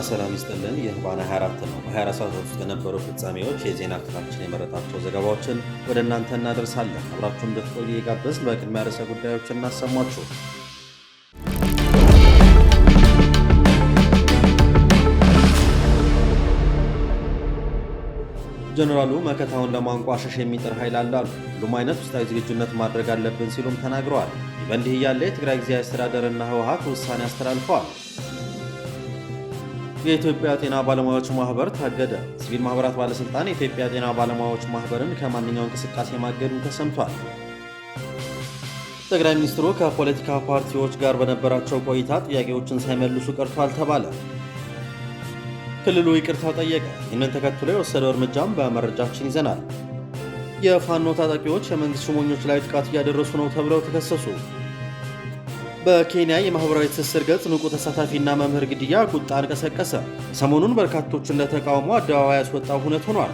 ጤና ሰላም ይስጥልን። ይህ ባና 24 ነው። በ24 ሰዓት ውስጥ የነበሩ ፍጻሜዎች የዜና ክፍላችን የመረጣቸው ዘገባዎችን ወደ እናንተ እናደርሳለን። አብራችሁ እንድትቆዩ የጋበዝን። በቅድሚያ ርዕሰ ጉዳዮች እናሰማችሁ። ጀኔራሉ መከታውን ለማንቋሸሽ የሚጥር ኃይል አለ አሉ። ሁሉም አይነት ውስጣዊ ዝግጁነት ማድረግ አለብን ሲሉም ተናግረዋል። ይህ በእንዲህ እያለ የትግራይ ጊዜያዊ አስተዳደርና ህወሀት ውሳኔ አስተላልፈዋል። የኢትዮጵያ ጤና ባለሙያዎች ማህበር ታገደ። ሲቪል ማህበራት ባለስልጣን የኢትዮጵያ ጤና ባለሙያዎች ማህበርን ከማንኛው እንቅስቃሴ ማገዱ ተሰምቷል። ጠቅላይ ሚኒስትሩ ከፖለቲካ ፓርቲዎች ጋር በነበራቸው ቆይታ ጥያቄዎችን ሳይመልሱ ቀርቷል ተባለ። ክልሉ ይቅርታ ጠየቀ። ይህንን ተከትሎ የወሰደው እርምጃም በመረጃችን ይዘናል። የፋኖ ታጣቂዎች የመንግሥት ሹመኞች ላይ ጥቃት እያደረሱ ነው ተብለው ተከሰሱ። በኬንያ የማህበራዊ ትስስር ገጽ ንቁ ተሳታፊና መምህር ግድያ ቁጣን ቀሰቀሰ። ሰሞኑን በርካቶችን ለተቃውሞ አደባባይ ያስወጣው ሁነት ሆኗል።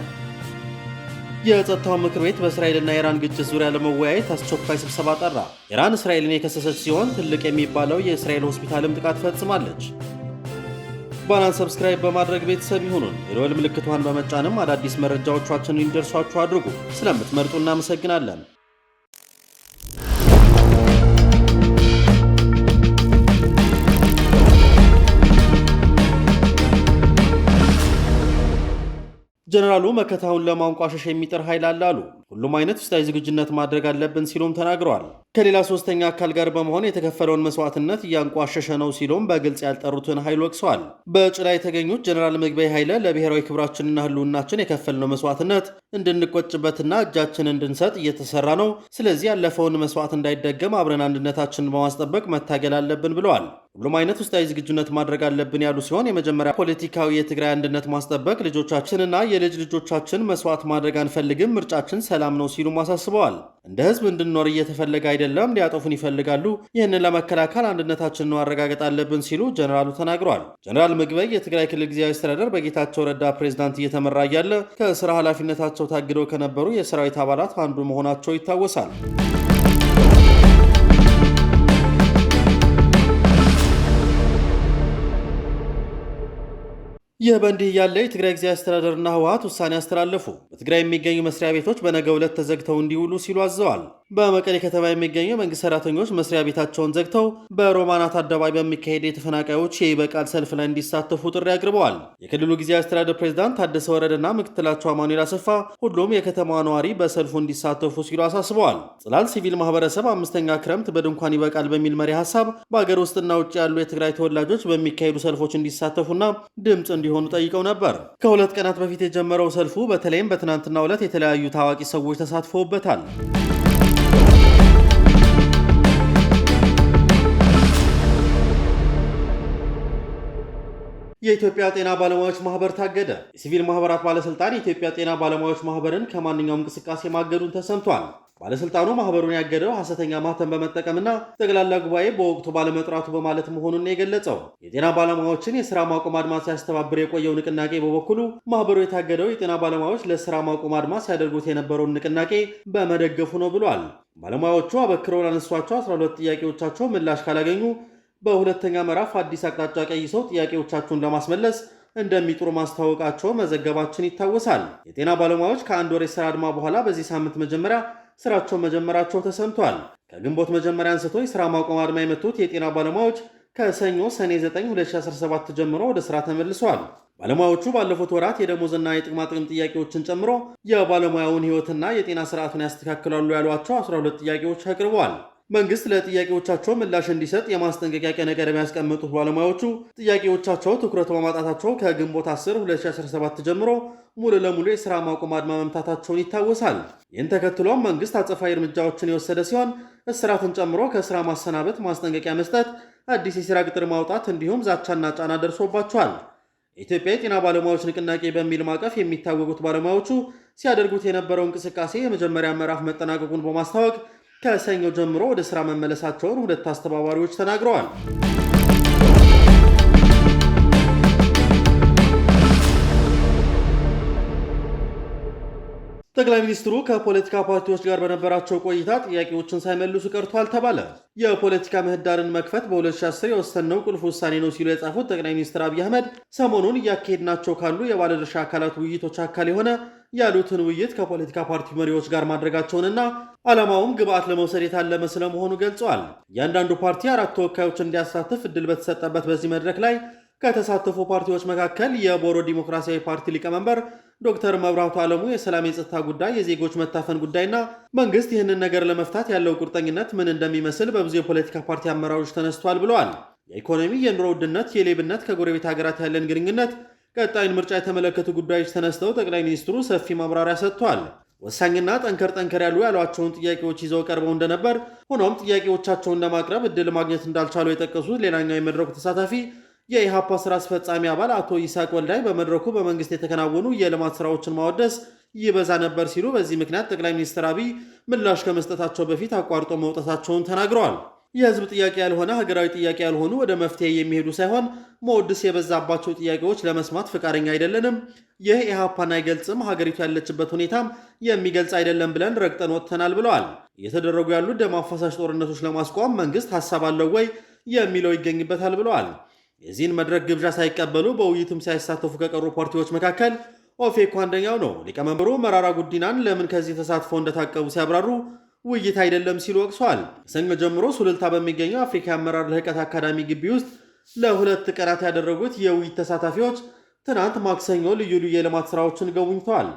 የጸጥታው ምክር ቤት በእስራኤልና ኢራን ግጭት ዙሪያ ለመወያየት አስቸኳይ ስብሰባ ጠራ። ኢራን እስራኤልን የከሰሰች ሲሆን ትልቅ የሚባለው የእስራኤል ሆስፒታልም ጥቃት ፈጽማለች። ባናን ሰብስክራይብ በማድረግ ቤተሰብ ይሁኑን። የደወል ምልክቷን በመጫንም አዳዲስ መረጃዎቻችንን እንዲደርሷችሁ አድርጉ። ስለምትመርጡ እናመሰግናለን። ጀነራሉ መከታውን ለማንቋሸሽ የሚጥር ኃይል አለ አሉ። ሁሉም አይነት ውስጣዊ ዝግጅነት ማድረግ አለብን ሲሉም ተናግረዋል። ከሌላ ሶስተኛ አካል ጋር በመሆን የተከፈለውን መስዋዕትነት እያንቋሸሸ ነው ሲሉም በግልጽ ያልጠሩትን ኃይል ወቅሰዋል። በጭላ የተገኙት ጀኔራል ምግበይ ኃይለ ለብሔራዊ ክብራችንና ህልውናችን የከፈልነው መስዋዕትነት እንድንቆጭበትና እጃችን እንድንሰጥ እየተሰራ ነው። ስለዚህ ያለፈውን መስዋዕት እንዳይደገም አብረን አንድነታችንን በማስጠበቅ መታገል አለብን ብለዋል። ሁሉም አይነት ውስጣዊ ዝግጁነት ማድረግ አለብን ያሉ ሲሆን የመጀመሪያ ፖለቲካዊ የትግራይ አንድነት ማስጠበቅ፣ ልጆቻችንና የልጅ ልጆቻችን መስዋዕት ማድረግ አንፈልግም። ምርጫችን ሰላም ነው ሲሉም አሳስበዋል። እንደ ህዝብ እንድንኖር እየተፈለገ አይደለም፣ ሊያጠፉን ይፈልጋሉ። ይህንን ለመከላከል አንድነታችንን ማረጋገጥ አለብን ሲሉ ጀኔራሉ ተናግረዋል። ጀኔራል ምግበይ የትግራይ ክልል ጊዜያዊ አስተዳደር በጌታቸው ረዳ ፕሬዝዳንት እየተመራ እያለ ከስራ ኃላፊነታቸው ታግደው ከነበሩ የሰራዊት አባላት አንዱ መሆናቸው ይታወሳል። ይህ በእንዲህ እያለ የትግራይ ጊዜያዊ አስተዳደርና ህወሀት ውሳኔ አስተላለፉ። በትግራይ የሚገኙ መስሪያ ቤቶች በነገ ዕለት ተዘግተው እንዲውሉ ሲሉ አዘዋል። በመቀሌ ከተማ የሚገኙ የመንግስት ሰራተኞች መስሪያ ቤታቸውን ዘግተው በሮማናት አደባባይ በሚካሄድ የተፈናቃዮች የይበቃል ሰልፍ ላይ እንዲሳተፉ ጥሪ አቅርበዋል። የክልሉ ጊዜያዊ አስተዳደር ፕሬዚዳንት ታደሰ ወረደና ምክትላቸው አማኑኤል አሰፋ ሁሉም የከተማዋ ነዋሪ በሰልፉ እንዲሳተፉ ሲሉ አሳስበዋል። ጽላል ሲቪል ማህበረሰብ አምስተኛ ክረምት በድንኳን ይበቃል በሚል መሪ ሀሳብ በአገር ውስጥና ውጭ ያሉ የትግራይ ተወላጆች በሚካሄዱ ሰልፎች እንዲሳተፉና ድምፅ እንዲ እንዲሆኑ ጠይቀው ነበር። ከሁለት ቀናት በፊት የጀመረው ሰልፉ በተለይም በትናንትናው ዕለት የተለያዩ ታዋቂ ሰዎች ተሳትፎበታል። የኢትዮጵያ ጤና ባለሙያዎች ማህበር ታገደ። የሲቪል ማህበራት ባለስልጣን የኢትዮጵያ ጤና ባለሙያዎች ማህበርን ከማንኛውም እንቅስቃሴ ማገዱን ተሰምቷል። ባለስልጣኑ ማህበሩን ያገደው ሐሰተኛ ማተም በመጠቀምና ጠቅላላ ጉባኤ በወቅቱ ባለመጥራቱ በማለት መሆኑን የገለጸው የጤና ባለሙያዎችን የስራ ማቆም አድማ ሲያስተባብር የቆየው ንቅናቄ በበኩሉ ማህበሩ የታገደው የጤና ባለሙያዎች ለስራ ማቆም አድማ ሲያደርጉት የነበረውን ንቅናቄ በመደገፉ ነው ብሏል። ባለሙያዎቹ አበክረው ላነሷቸው 12 ጥያቄዎቻቸው ምላሽ ካላገኙ በሁለተኛ ምዕራፍ አዲስ አቅጣጫ ቀይሰው ጥያቄዎቻቸውን ለማስመለስ እንደሚጥሩ ማስታወቃቸው መዘገባችን ይታወሳል። የጤና ባለሙያዎች ከአንድ ወር የስራ አድማ በኋላ በዚህ ሳምንት መጀመሪያ ስራቸውን መጀመራቸው ተሰምቷል። ከግንቦት መጀመሪያ አንስቶ የስራ ማቆም አድማ የመቱት የጤና ባለሙያዎች ከሰኞ ሰኔ 9 2017 ጀምሮ ወደ ስራ ተመልሰዋል። ባለሙያዎቹ ባለፉት ወራት የደሞዝና የጥቅማ ጥቅም ጥያቄዎችን ጨምሮ የባለሙያውን ሕይወትና የጤና ስርዓቱን ያስተካክላሉ ያሏቸው 12 ጥያቄዎች አቅርበዋል። መንግስት ለጥያቄዎቻቸው ምላሽ እንዲሰጥ የማስጠንቀቂያ ቀነ ገደብ ያስቀመጡት ባለሙያዎቹ ጥያቄዎቻቸው ትኩረት በማጣታቸው ከግንቦት 10 2017 ጀምሮ ሙሉ ለሙሉ የሥራ ማቆም አድማ መምታታቸውን ይታወሳል። ይህን ተከትሎም መንግስት አጸፋዊ እርምጃዎችን የወሰደ ሲሆን እስራትን ጨምሮ ከስራ ማሰናበት፣ ማስጠንቀቂያ መስጠት፣ አዲስ የሥራ ቅጥር ማውጣት እንዲሁም ዛቻና ጫና ደርሶባቸዋል። የኢትዮጵያ የጤና ባለሙያዎች ንቅናቄ በሚል ማዕቀፍ የሚታወቁት ባለሙያዎቹ ሲያደርጉት የነበረው እንቅስቃሴ የመጀመሪያ ምዕራፍ መጠናቀቁን በማስታወቅ ከሰኞ ጀምሮ ወደ ስራ መመለሳቸውን ሁለት አስተባባሪዎች ተናግረዋል። ጠቅላይ ሚኒስትሩ ከፖለቲካ ፓርቲዎች ጋር በነበራቸው ቆይታ ጥያቄዎችን ሳይመልሱ ቀርቷል ተባለ። የፖለቲካ ምህዳርን መክፈት በ2010 የወሰነው ቁልፍ ውሳኔ ነው ሲሉ የጻፉት ጠቅላይ ሚኒስትር አብይ አህመድ ሰሞኑን እያካሄድናቸው ካሉ የባለድርሻ አካላት ውይይቶች አካል የሆነ ያሉትን ውይይት ከፖለቲካ ፓርቲ መሪዎች ጋር ማድረጋቸውንና ዓላማውም ግብአት ለመውሰድ የታለመ ስለመሆኑ ገልጸዋል። እያንዳንዱ ፓርቲ አራት ተወካዮች እንዲያሳትፍ እድል በተሰጠበት በዚህ መድረክ ላይ ከተሳተፉ ፓርቲዎች መካከል የቦሮ ዲሞክራሲያዊ ፓርቲ ሊቀመንበር ዶክተር መብራቱ ዓለሙ የሰላም የጸጥታ ጉዳይ፣ የዜጎች መታፈን ጉዳይና መንግስት ይህንን ነገር ለመፍታት ያለው ቁርጠኝነት ምን እንደሚመስል በብዙ የፖለቲካ ፓርቲ አመራሮች ተነስቷል ብለዋል። የኢኮኖሚ፣ የኑሮ ውድነት፣ የሌብነት፣ ከጎረቤት ሀገራት ያለን ግንኙነት ቀጣይን ምርጫ የተመለከቱ ጉዳዮች ተነስተው ጠቅላይ ሚኒስትሩ ሰፊ ማብራሪያ ሰጥቷል። ወሳኝና ጠንከር ጠንከር ያሉ ያሏቸውን ጥያቄዎች ይዘው ቀርበው እንደነበር፣ ሆኖም ጥያቄዎቻቸውን ለማቅረብ እድል ማግኘት እንዳልቻሉ የጠቀሱት ሌላኛው የመድረኩ ተሳታፊ የኢሃፓ ስራ አስፈጻሚ አባል አቶ ይስሐቅ ወልዳይ በመድረኩ በመንግስት የተከናወኑ የልማት ስራዎችን ማወደስ ይበዛ ነበር ሲሉ በዚህ ምክንያት ጠቅላይ ሚኒስትር አብይ ምላሽ ከመስጠታቸው በፊት አቋርጦ መውጣታቸውን ተናግረዋል። የህዝብ ጥያቄ ያልሆነ ሀገራዊ ጥያቄ ያልሆኑ ወደ መፍትሄ የሚሄዱ ሳይሆን መወድስ የበዛባቸው ጥያቄዎች ለመስማት ፈቃደኛ አይደለንም። ይህ ኢህአፓን አይገልጽም፣ ሀገሪቱ ያለችበት ሁኔታም የሚገልጽ አይደለም ብለን ረግጠን ወጥተናል ብለዋል። እየተደረጉ ያሉት ደም አፋሳሽ ጦርነቶች ለማስቆም መንግስት ሀሳብ አለው ወይ የሚለው ይገኝበታል ብለዋል። የዚህን መድረክ ግብዣ ሳይቀበሉ በውይይትም ሳይሳተፉ ከቀሩ ፓርቲዎች መካከል ኦፌኮ አንደኛው ነው። ሊቀመንበሩ መራራ ጉዲናን ለምን ከዚህ ተሳትፎ እንደታቀቡ ሲያብራሩ ውይይት አይደለም ሲሉ ወቅሰዋል። ሰኞ ጀምሮ ሱሉልታ በሚገኘው አፍሪካ አመራር ልህቀት አካዳሚ ግቢ ውስጥ ለሁለት ቀናት ያደረጉት የውይይት ተሳታፊዎች ትናንት ማክሰኞ ልዩ ልዩ የልማት ስራዎችን ጎብኝተዋል።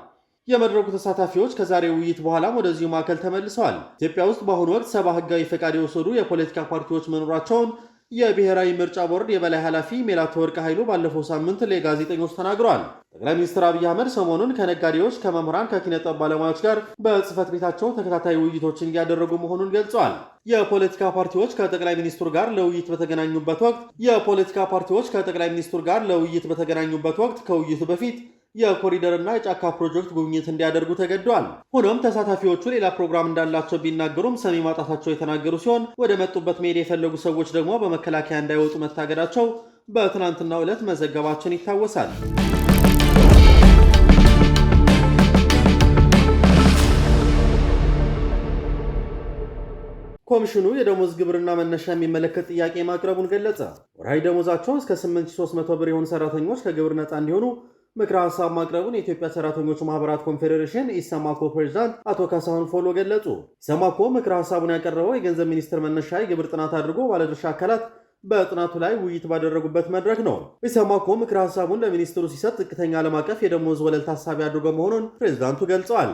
የመድረኩ ተሳታፊዎች ከዛሬ ውይይት በኋላም ወደዚሁ ማዕከል ተመልሰዋል። ኢትዮጵያ ውስጥ በአሁኑ ወቅት ሰባ ህጋዊ ፈቃድ የወሰዱ የፖለቲካ ፓርቲዎች መኖራቸውን የብሔራዊ ምርጫ ቦርድ የበላይ ኃላፊ መላትወርቅ ኃይሉ ባለፈው ሳምንት ለጋዜጠኞች ተናግረዋል። ጠቅላይ ሚኒስትር አብይ አህመድ ሰሞኑን ከነጋዴዎች፣ ከመምህራን፣ ከኪነጥበብ ባለሙያዎች ጋር በጽህፈት ቤታቸው ተከታታይ ውይይቶችን እያደረጉ መሆኑን ገልጸዋል። የፖለቲካ ፓርቲዎች ከጠቅላይ ሚኒስትሩ ጋር ለውይይት በተገናኙበት ወቅት የፖለቲካ ፓርቲዎች ከጠቅላይ ሚኒስትሩ ጋር ለውይይት በተገናኙበት ወቅት ከውይይቱ በፊት የኮሪደርና የጫካ ፕሮጀክት ጉብኝት እንዲያደርጉ ተገደዋል። ሆኖም ተሳታፊዎቹ ሌላ ፕሮግራም እንዳላቸው ቢናገሩም ሰሚ ማጣታቸው የተናገሩ ሲሆን ወደ መጡበት መሄድ የፈለጉ ሰዎች ደግሞ በመከላከያ እንዳይወጡ መታገዳቸው በትናንትናው ዕለት መዘገባችን ይታወሳል። ኮሚሽኑ የደሞዝ ግብርና መነሻ የሚመለከት ጥያቄ ማቅረቡን ገለጸ። ወርሃዊ ደሞዛቸው እስከ 8300 ብር የሆኑ ሰራተኞች ከግብር ነፃ እንዲሆኑ ምክረ ሀሳብ ማቅረቡን የኢትዮጵያ ሰራተኞች ማህበራት ኮንፌዴሬሽን ኢሰማኮ ፕሬዚዳንት አቶ ካሳሁን ፎሎ ገለጹ። ኢሰማኮ ምክረ ሀሳቡን ያቀረበው የገንዘብ ሚኒስቴር መነሻ የግብር ጥናት አድርጎ ባለድርሻ አካላት በጥናቱ ላይ ውይይት ባደረጉበት መድረክ ነው። ኢሰማኮ ምክረ ሀሳቡን ለሚኒስትሩ ሲሰጥ ዝቅተኛ ዓለም አቀፍ የደሞዝ ወለል ታሳቢ አድርጎ መሆኑን ፕሬዚዳንቱ ገልጸዋል።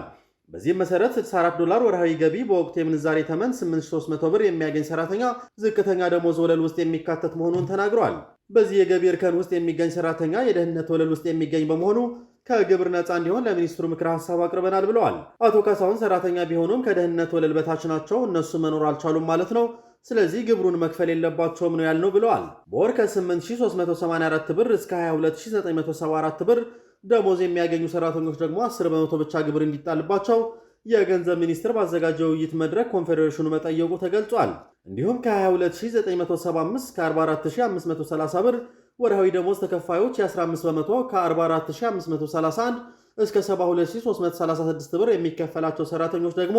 በዚህም መሰረት 64 ዶላር ወርሃዊ ገቢ በወቅቱ የምንዛሬ ተመን 8300 ብር የሚያገኝ ሰራተኛ ዝቅተኛ ደሞዝ ወለል ውስጥ የሚካተት መሆኑን ተናግረዋል። በዚህ የገቢ እርከን ውስጥ የሚገኝ ሰራተኛ የደህንነት ወለል ውስጥ የሚገኝ በመሆኑ ከግብር ነፃ እንዲሆን ለሚኒስትሩ ምክር ሀሳብ አቅርበናል ብለዋል። አቶ ካሳሁን ሰራተኛ ቢሆኑም ከደህንነት ወለል በታች ናቸው፣ እነሱ መኖር አልቻሉም ማለት ነው ስለዚህ ግብሩን መክፈል የለባቸውም ነው ያልነው ብለዋል። በወር ከ8384 ብር እስከ 22974 ብር ደሞዝ የሚያገኙ ሰራተኞች ደግሞ 10 በመቶ ብቻ ግብር እንዲጣልባቸው የገንዘብ ሚኒስትር ባዘጋጀው ውይይት መድረክ ኮንፌዴሬሽኑ መጠየቁ ተገልጿል። እንዲሁም ከ22975 ከ44530 ብር ወርሃዊ ደሞዝ ተከፋዮች የ15 በመቶ ከ44531 እስከ 72336 ብር የሚከፈላቸው ሰራተኞች ደግሞ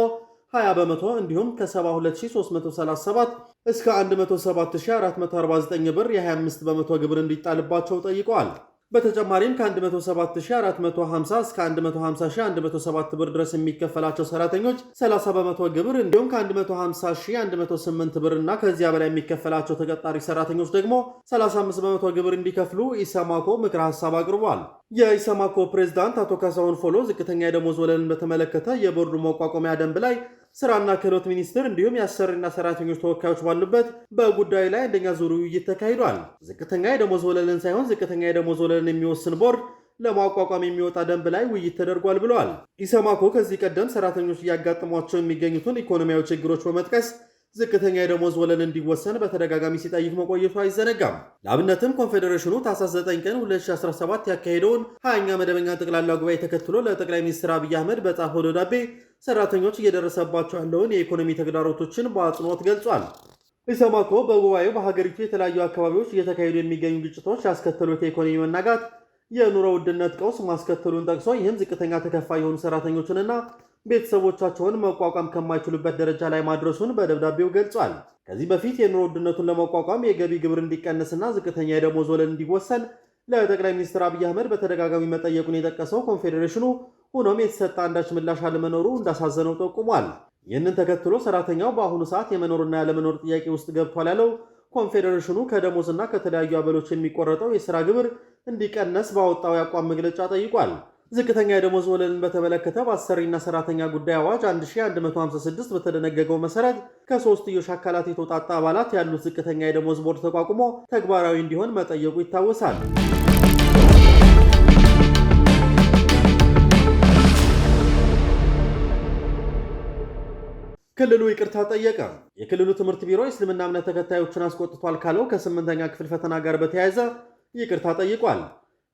20 በመቶ እንዲሁም ከ72337 እስከ 17449 ብር የ25 በመቶ ግብር እንዲጣልባቸው ጠይቀዋል። በተጨማሪም ከ 17450 እስከ 150107 ብር ድረስ የሚከፈላቸው ሰራተኞች 30 በመቶ ግብር እንዲሁም ከ150108 ብር እና ከዚያ በላይ የሚከፈላቸው ተቀጣሪ ሰራተኞች ደግሞ 35 በመቶ ግብር እንዲከፍሉ ኢሰማኮ ምክረ ሀሳብ አቅርቧል። የኢሰማኮ ፕሬዝዳንት አቶ ካሳሁን ፎሎ ዝቅተኛ የደሞዝ ወለልን በተመለከተ የቦርዱ መቋቋሚያ ደንብ ላይ ስራና ክህሎት ሚኒስቴር እንዲሁም የአሰሪና ሰራተኞች ተወካዮች ባሉበት በጉዳዩ ላይ አንደኛ ዙር ውይይት ተካሂዷል። ዝቅተኛ የደሞዝ ወለልን ሳይሆን ዝቅተኛ የደሞዝ ወለልን የሚወስን ቦርድ ለማቋቋም የሚወጣ ደንብ ላይ ውይይት ተደርጓል ብለዋል። ኢሰማኮ ከዚህ ቀደም ሰራተኞች እያጋጠሟቸው የሚገኙትን ኢኮኖሚያዊ ችግሮች በመጥቀስ ዝቅተኛ የደሞዝ ወለል እንዲወሰን በተደጋጋሚ ሲጠይቅ መቆየቱ አይዘነጋም። ለአብነትም ኮንፌዴሬሽኑ ታህሳስ 9 ቀን 2017 ያካሄደውን ሀያኛ መደበኛ ጠቅላላ ጉባኤ ተከትሎ ለጠቅላይ ሚኒስትር አብይ አህመድ በጻፈው ደብዳቤ ሰራተኞች እየደረሰባቸው ያለውን የኢኮኖሚ ተግዳሮቶችን በአጽንኦት ገልጿል። ኢሰማኮ በጉባኤው በሀገሪቱ የተለያዩ አካባቢዎች እየተካሄዱ የሚገኙ ግጭቶች ያስከተሉት የኢኮኖሚ መናጋት የኑሮ ውድነት ቀውስ ማስከተሉን ጠቅሶ ይህም ዝቅተኛ ተከፋይ የሆኑ ሰራተኞችንና ቤተሰቦቻቸውን መቋቋም ከማይችሉበት ደረጃ ላይ ማድረሱን በደብዳቤው ገልጿል። ከዚህ በፊት የኑሮ ውድነቱን ለመቋቋም የገቢ ግብር እንዲቀነስና ዝቅተኛ የደሞዝ ወለል እንዲወሰን ለጠቅላይ ሚኒስትር አብይ አህመድ በተደጋጋሚ መጠየቁን የጠቀሰው ኮንፌዴሬሽኑ ሆኖም የተሰጠ አንዳች ምላሽ አለመኖሩ እንዳሳዘነው ጠቁሟል። ይህንን ተከትሎ ሰራተኛው በአሁኑ ሰዓት የመኖርና ያለመኖር ጥያቄ ውስጥ ገብቷል ያለው ኮንፌዴሬሽኑ ከደሞዝና ከተለያዩ አበሎች የሚቆረጠው የሥራ ግብር እንዲቀነስ ባወጣው የአቋም መግለጫ ጠይቋል። ዝቅተኛ የደሞዝ ወለልን በተመለከተ በአሰሪና ሰራተኛ ጉዳይ አዋጅ 1156 በተደነገገው መሰረት ከሶስትዮሽ አካላት የተውጣጣ አባላት ያሉት ዝቅተኛ የደሞዝ ቦርድ ተቋቁሞ ተግባራዊ እንዲሆን መጠየቁ ይታወሳል። ክልሉ ይቅርታ ጠየቀ። የክልሉ ትምህርት ቢሮ የእስልምና እምነት ተከታዮችን አስቆጥቷል ካለው ከስምንተኛ ክፍል ፈተና ጋር በተያያዘ ይቅርታ ጠይቋል።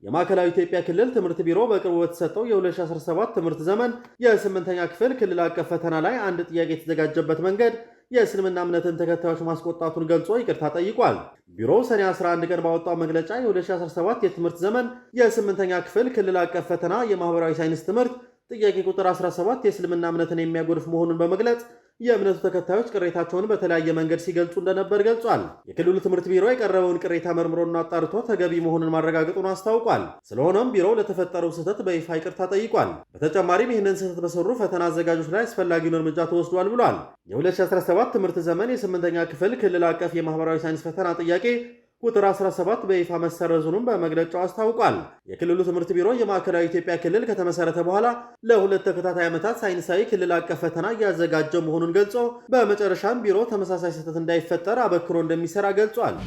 የማዕከላዊ ኢትዮጵያ ክልል ትምህርት ቢሮ በቅርቡ በተሰጠው የ2017 ትምህርት ዘመን የስምንተኛ ክፍል ክልል አቀፍ ፈተና ላይ አንድ ጥያቄ የተዘጋጀበት መንገድ የእስልምና እምነትን ተከታዮች ማስቆጣቱን ገልጾ ይቅርታ ጠይቋል። ቢሮው ሰኔ 11 ቀን ባወጣው መግለጫ የ2017 የትምህርት ዘመን የስምንተኛ ክፍል ክልል አቀፍ ፈተና የማህበራዊ ሳይንስ ትምህርት ጥያቄ ቁጥር 17 የእስልምና እምነትን የሚያጎድፍ መሆኑን በመግለጽ የእምነቱ ተከታዮች ቅሬታቸውን በተለያየ መንገድ ሲገልጹ እንደነበር ገልጿል። የክልሉ ትምህርት ቢሮ የቀረበውን ቅሬታ መርምሮና አጣርቶ ተገቢ መሆኑን ማረጋገጡን አስታውቋል። ስለሆነም ቢሮው ለተፈጠረው ስህተት በይፋ ይቅርታ ጠይቋል። በተጨማሪም ይህንን ስህተት በሰሩ ፈተና አዘጋጆች ላይ አስፈላጊውን እርምጃ ተወስዷል ብሏል። የ2017 ትምህርት ዘመን የስምንተኛ ክፍል ክልል አቀፍ የማህበራዊ ሳይንስ ፈተና ጥያቄ ቁጥር 17 በይፋ መሰረዙንም በመግለጫው አስታውቋል። የክልሉ ትምህርት ቢሮ የማዕከላዊ ኢትዮጵያ ክልል ከተመሰረተ በኋላ ለሁለት ተከታታይ ዓመታት ሳይንሳዊ ክልል አቀፍ ፈተና እያዘጋጀ መሆኑን ገልጾ በመጨረሻም ቢሮ ተመሳሳይ ስህተት እንዳይፈጠር አበክሮ እንደሚሰራ ገልጿል።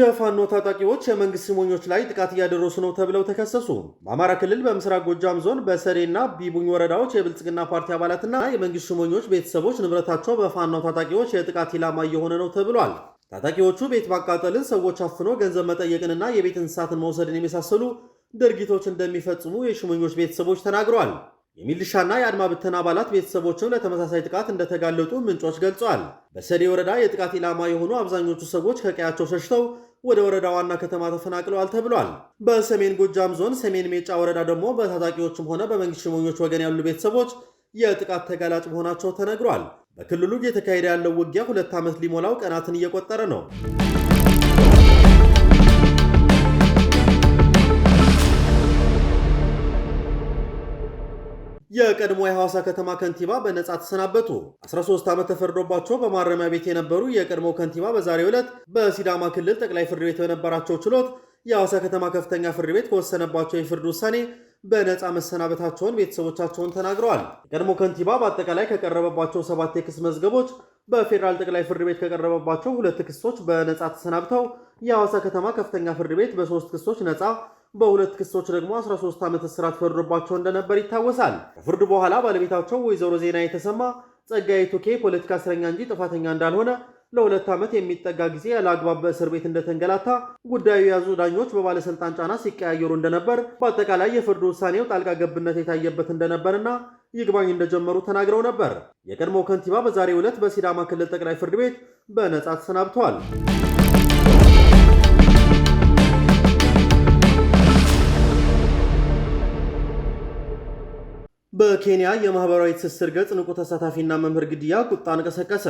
የፋኖ ታጣቂዎች የመንግስት ስሞኞች ላይ ጥቃት እያደረሱ ነው ተብለው ተከሰሱ። በአማራ ክልል በምስራቅ ጎጃም ዞን በሰሬና ቢቡኝ ወረዳዎች የብልጽግና ፓርቲ አባላትና የመንግስት ስሞኞች ቤተሰቦች ንብረታቸው በፋኖ ታጣቂዎች የጥቃት ኢላማ እየሆነ ነው ተብሏል። ታጣቂዎቹ ቤት ማቃጠልን፣ ሰዎች አፍኖ ገንዘብ መጠየቅንና የቤት እንስሳትን መውሰድን የመሳሰሉ ድርጊቶች እንደሚፈጽሙ የሽሞኞች ቤተሰቦች ተናግረዋል። የሚሊሻና የአድማ ብተና አባላት ቤተሰቦችም ለተመሳሳይ ጥቃት እንደተጋለጡ ምንጮች ገልጸዋል። በሰዴ ወረዳ የጥቃት ኢላማ የሆኑ አብዛኞቹ ሰዎች ከቀያቸው ሸሽተው ወደ ወረዳ ዋና ከተማ ተፈናቅለዋል ተብሏል። በሰሜን ጎጃም ዞን ሰሜን ሜጫ ወረዳ ደግሞ በታጣቂዎችም ሆነ በመንግስት ሽሞኞች ወገን ያሉ ቤተሰቦች የጥቃት ተጋላጭ መሆናቸው ተነግሯል። በክልሉ እየተካሄደ ያለው ውጊያ ሁለት ዓመት ሊሞላው ቀናትን እየቆጠረ ነው። የቀድሞ የሐዋሳ ከተማ ከንቲባ በነጻ ተሰናበቱ። 13 ዓመት ተፈርዶባቸው በማረሚያ ቤት የነበሩ የቀድሞ ከንቲባ በዛሬው ዕለት በሲዳማ ክልል ጠቅላይ ፍርድ ቤት በነበራቸው ችሎት የሐዋሳ ከተማ ከፍተኛ ፍርድ ቤት ከወሰነባቸው የፍርድ ውሳኔ በነፃ መሰናበታቸውን ቤተሰቦቻቸውን ተናግረዋል። የቀድሞ ከንቲባ በአጠቃላይ ከቀረበባቸው ሰባት የክስ መዝገቦች በፌዴራል ጠቅላይ ፍርድ ቤት ከቀረበባቸው ሁለት ክሶች በነፃ ተሰናብተው የሐዋሳ ከተማ ከፍተኛ ፍርድ ቤት በሶስት ክሶች ነፃ በሁለት ክሶች ደግሞ 13 ዓመት እስራት ፈርዶባቸው እንደነበር ይታወሳል። ከፍርድ በኋላ ባለቤታቸው ወይዘሮ ዜና የተሰማ ጸጋዬ ቱኬ ፖለቲካ እስረኛ እንጂ ጥፋተኛ እንዳልሆነ ለሁለት ዓመት የሚጠጋ ጊዜ ያለ አግባብ በእስር ቤት እንደተንገላታ ጉዳዩ የያዙ ዳኞች በባለስልጣን ጫና ሲቀያየሩ እንደነበር፣ በአጠቃላይ የፍርድ ውሳኔው ጣልቃ ገብነት የታየበት እንደነበርና ይግባኝ እንደጀመሩ ተናግረው ነበር። የቀድሞው ከንቲባ በዛሬው ዕለት በሲዳማ ክልል ጠቅላይ ፍርድ ቤት በነጻ ተሰናብተዋል። በኬንያ የማህበራዊ ትስስር ገጽ ንቁ ተሳታፊና መምህር ግድያ ቁጣን ቀሰቀሰ።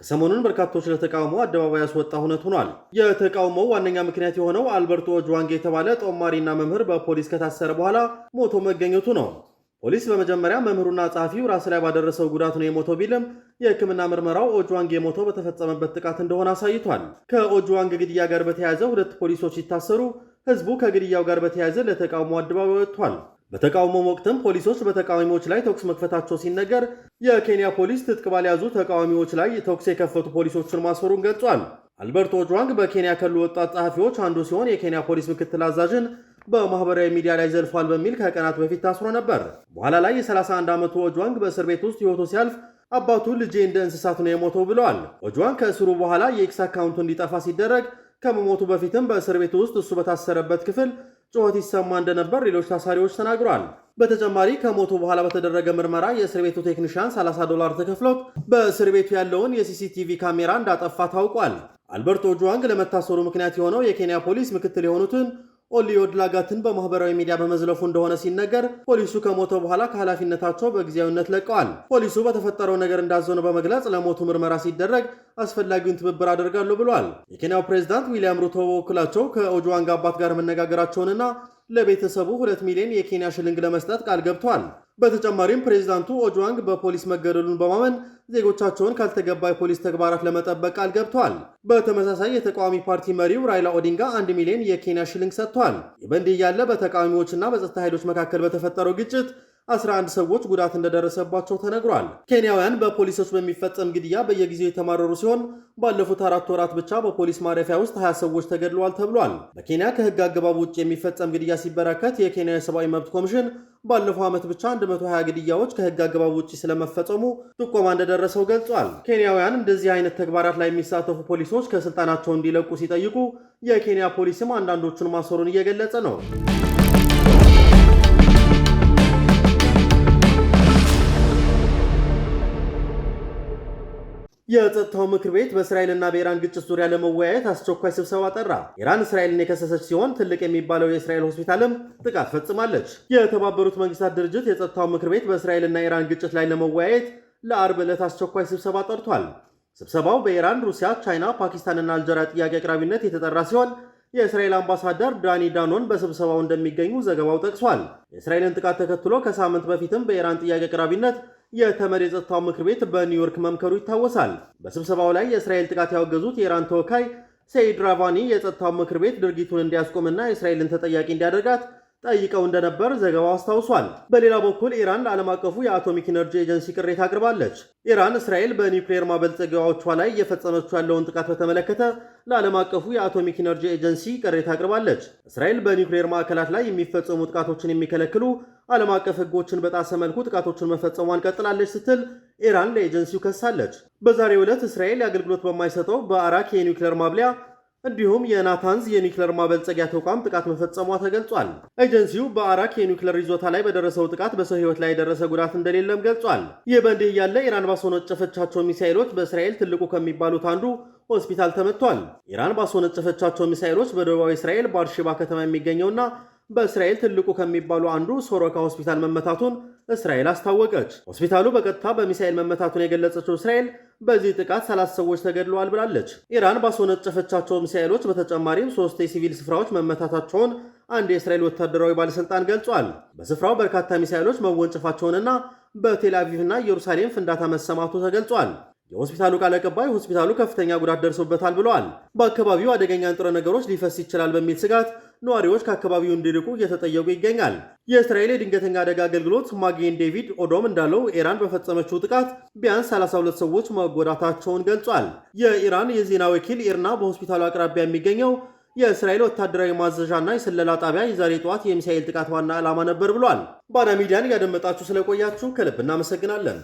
ከሰሞኑን በርካቶች ለተቃውሞ አደባባይ ያስወጣ ሁነት ሆኗል። የተቃውሞው ዋነኛ ምክንያት የሆነው አልበርቶ ጅዋንግ የተባለ ጦማሪና መምህር በፖሊስ ከታሰረ በኋላ ሞቶ መገኘቱ ነው። ፖሊስ በመጀመሪያ መምህሩና ጸሐፊው ራስ ላይ ባደረሰው ጉዳት ነው የሞተው ቢልም የሕክምና ምርመራው ኦጅዋንግ የሞተው በተፈጸመበት ጥቃት እንደሆነ አሳይቷል። ከኦጅዋንግ ግድያ ጋር በተያያዘ ሁለት ፖሊሶች ሲታሰሩ ህዝቡ ከግድያው ጋር በተያያዘ ለተቃውሞ አደባባይ ወጥቷል። በተቃውሞ ወቅትም ፖሊሶች በተቃዋሚዎች ላይ ተኩስ መክፈታቸው ሲነገር የኬንያ ፖሊስ ትጥቅ ባልያዙ ተቃዋሚዎች ላይ ተኩስ የከፈቱ ፖሊሶችን ማስፈሩን ገልጿል። አልበርቶ ኦጅዋንግ በኬንያ ከሉ ወጣት ጸሐፊዎች አንዱ ሲሆን የኬንያ ፖሊስ ምክትል አዛዥን በማህበራዊ ሚዲያ ላይ ዘልፏል በሚል ከቀናት በፊት ታስሮ ነበር። በኋላ ላይ የ31 ዓመቱ ኦጅዋንግ በእስር ቤት ውስጥ ሕይወቱ ሲያልፍ አባቱ ልጄ እንደ እንስሳት ነው የሞተው ብለዋል። ኦጅዋንግ ከእስሩ በኋላ የኤክስ አካውንቱ እንዲጠፋ ሲደረግ ከመሞቱ በፊትም በእስር ቤት ውስጥ እሱ በታሰረበት ክፍል ጩኸት ይሰማ እንደነበር ሌሎች ታሳሪዎች ተናግረዋል። በተጨማሪ ከሞቱ በኋላ በተደረገ ምርመራ የእስር ቤቱ ቴክኒሽያን 30 ዶላር ተከፍሎት በእስር ቤቱ ያለውን የሲሲቲቪ ካሜራ እንዳጠፋ ታውቋል። አልበርቶ ጁዋንግ ለመታሰሩ ምክንያት የሆነው የኬንያ ፖሊስ ምክትል የሆኑትን ኦሊዮድ ላጋትን በማህበራዊ ሚዲያ በመዝለፉ እንደሆነ ሲነገር ፖሊሱ ከሞተ በኋላ ከኃላፊነታቸው በጊዜያዊነት ለቀዋል። ፖሊሱ በተፈጠረው ነገር እንዳዘነ በመግለጽ ለሞቱ ምርመራ ሲደረግ አስፈላጊውን ትብብር አደርጋለሁ ብሏል። የኬንያው ፕሬዝዳንት ዊሊያም ሩቶ በበኩላቸው ከኦጁዋንግ አባት ጋር መነጋገራቸውንና ለቤተሰቡ ሁለት ሚሊዮን የኬንያ ሽልንግ ለመስጠት ቃል ገብተዋል። በተጨማሪም ፕሬዚዳንቱ ኦጅዋንግ በፖሊስ መገደሉን በማመን ዜጎቻቸውን ካልተገባ የፖሊስ ተግባራት ለመጠበቅ ቃል ገብተዋል። በተመሳሳይ የተቃዋሚ ፓርቲ መሪው ራይላ ኦዲንጋ አንድ ሚሊዮን የኬንያ ሽሊንግ ሰጥቷል። ይህ በእንዲህ እያለ በተቃዋሚዎችና በጸጥታ ኃይሎች መካከል በተፈጠረው ግጭት 11 ሰዎች ጉዳት እንደደረሰባቸው ተነግሯል። ኬንያውያን በፖሊሶች በሚፈጸም ግድያ በየጊዜው የተማረሩ ሲሆን ባለፉት አራት ወራት ብቻ በፖሊስ ማረፊያ ውስጥ 20 ሰዎች ተገድለዋል ተብሏል። በኬንያ ከህግ አገባብ ውጭ የሚፈጸም ግድያ ሲበረከት የኬንያ የሰብአዊ መብት ኮሚሽን ባለፈው ዓመት ብቻ 120 ግድያዎች ከህግ አግባብ ውጭ ስለመፈጸሙ ጥቆማ እንደደረሰው ገልጿል። ኬንያውያን እንደዚህ አይነት ተግባራት ላይ የሚሳተፉ ፖሊሶች ከስልጣናቸው እንዲለቁ ሲጠይቁ የኬንያ ፖሊስም አንዳንዶቹን ማሰሩን እየገለጸ ነው። የጸጥታው ምክር ቤት በእስራኤልና በኢራን ግጭት ዙሪያ ለመወያየት አስቸኳይ ስብሰባ ጠራ። ኢራን እስራኤልን የከሰሰች ሲሆን ትልቅ የሚባለው የእስራኤል ሆስፒታልም ጥቃት ፈጽማለች። የተባበሩት መንግስታት ድርጅት የጸጥታው ምክር ቤት በእስራኤልና ኢራን ግጭት ላይ ለመወያየት ለአርብ ዕለት አስቸኳይ ስብሰባ ጠርቷል። ስብሰባው በኢራን፣ ሩሲያ፣ ቻይና፣ ፓኪስታንና አልጀሪያ ጥያቄ አቅራቢነት የተጠራ ሲሆን የእስራኤል አምባሳደር ዳኒ ዳኖን በስብሰባው እንደሚገኙ ዘገባው ጠቅሷል። የእስራኤልን ጥቃት ተከትሎ ከሳምንት በፊትም በኢራን ጥያቄ አቅራቢነት የተመድ የጸጥታው ምክር ቤት በኒውዮርክ መምከሩ ይታወሳል። በስብሰባው ላይ የእስራኤል ጥቃት ያወገዙት የኢራን ተወካይ ሰይድ ራቫኒ የጸጥታው ምክር ቤት ድርጊቱን እንዲያስቆምና እስራኤልን ተጠያቂ እንዲያደርጋት ጠይቀው እንደነበር ዘገባው አስታውሷል። በሌላ በኩል ኢራን ለዓለም አቀፉ የአቶሚክ ኢነርጂ ኤጀንሲ ቅሬታ አቅርባለች። ኢራን እስራኤል በኒውክሌር ማበልጸጊያዎቿ ላይ እየፈጸመችው ያለውን ጥቃት በተመለከተ ለዓለም አቀፉ የአቶሚክ ኢነርጂ ኤጀንሲ ቅሬታ አቅርባለች። እስራኤል በኒውክሌር ማዕከላት ላይ የሚፈጸሙ ጥቃቶችን የሚከለክሉ ዓለም አቀፍ ሕጎችን በጣሰ መልኩ ጥቃቶችን መፈጸሟን ቀጥላለች ስትል ኢራን ለኤጀንሲው ከሳለች። በዛሬው ዕለት እስራኤል የአገልግሎት በማይሰጠው በአራክ የኒውክሌር ማብሊያ ። እንዲሁም የናታንዝ የኒውክለር ማበልጸጊያ ተቋም ጥቃት መፈጸሟ ተገልጿል። ኤጀንሲው በአራክ የኒውክለር ይዞታ ላይ በደረሰው ጥቃት በሰው ሕይወት ላይ የደረሰ ጉዳት እንደሌለም ገልጿል። ይህ በእንዲህ እያለ ኢራን ባስወነጨፈቻቸው ሚሳኤሎች በእስራኤል ትልቁ ከሚባሉት አንዱ ሆስፒታል ተመቷል። ኢራን ባስወነጨፈቻቸው ሚሳኤሎች በደቡባዊ እስራኤል በአርሺባ ከተማ የሚገኘውና በእስራኤል ትልቁ ከሚባሉ አንዱ ሶሮካ ሆስፒታል መመታቱን እስራኤል አስታወቀች። ሆስፒታሉ በቀጥታ በሚሳኤል መመታቱን የገለጸችው እስራኤል በዚህ ጥቃት ሰላሳ ሰዎች ተገድለዋል ብላለች። ኢራን ባስወነጨፈቻቸው ሚሳኤሎች በተጨማሪም ሶስት የሲቪል ስፍራዎች መመታታቸውን አንድ የእስራኤል ወታደራዊ ባለሥልጣን ገልጿል። በስፍራው በርካታ ሚሳኤሎች መወንጨፋቸውንና በቴል አቪቭና ኢየሩሳሌም ፍንዳታ መሰማቱ ተገልጿል። የሆስፒታሉ ቃል አቀባይ ሆስፒታሉ ከፍተኛ ጉዳት ደርሶበታል ብለዋል። በአካባቢው አደገኛ ንጥረ ነገሮች ሊፈስ ይችላል በሚል ስጋት ነዋሪዎች ከአካባቢው እንዲርቁ እየተጠየቁ ይገኛል። የእስራኤል የድንገተኛ አደጋ አገልግሎት ማጌን ዴቪድ ኦዶም እንዳለው ኢራን በፈጸመችው ጥቃት ቢያንስ 32 ሰዎች መጎዳታቸውን ገልጿል። የኢራን የዜና ወኪል ኢርና በሆስፒታሉ አቅራቢያ የሚገኘው የእስራኤል ወታደራዊ ማዘዣና የስለላ ጣቢያ የዛሬ ጠዋት የሚሳኤል ጥቃት ዋና ዓላማ ነበር ብሏል። ባና ሚዲያን እያደመጣችሁ ስለቆያችሁ ከልብ እናመሰግናለን።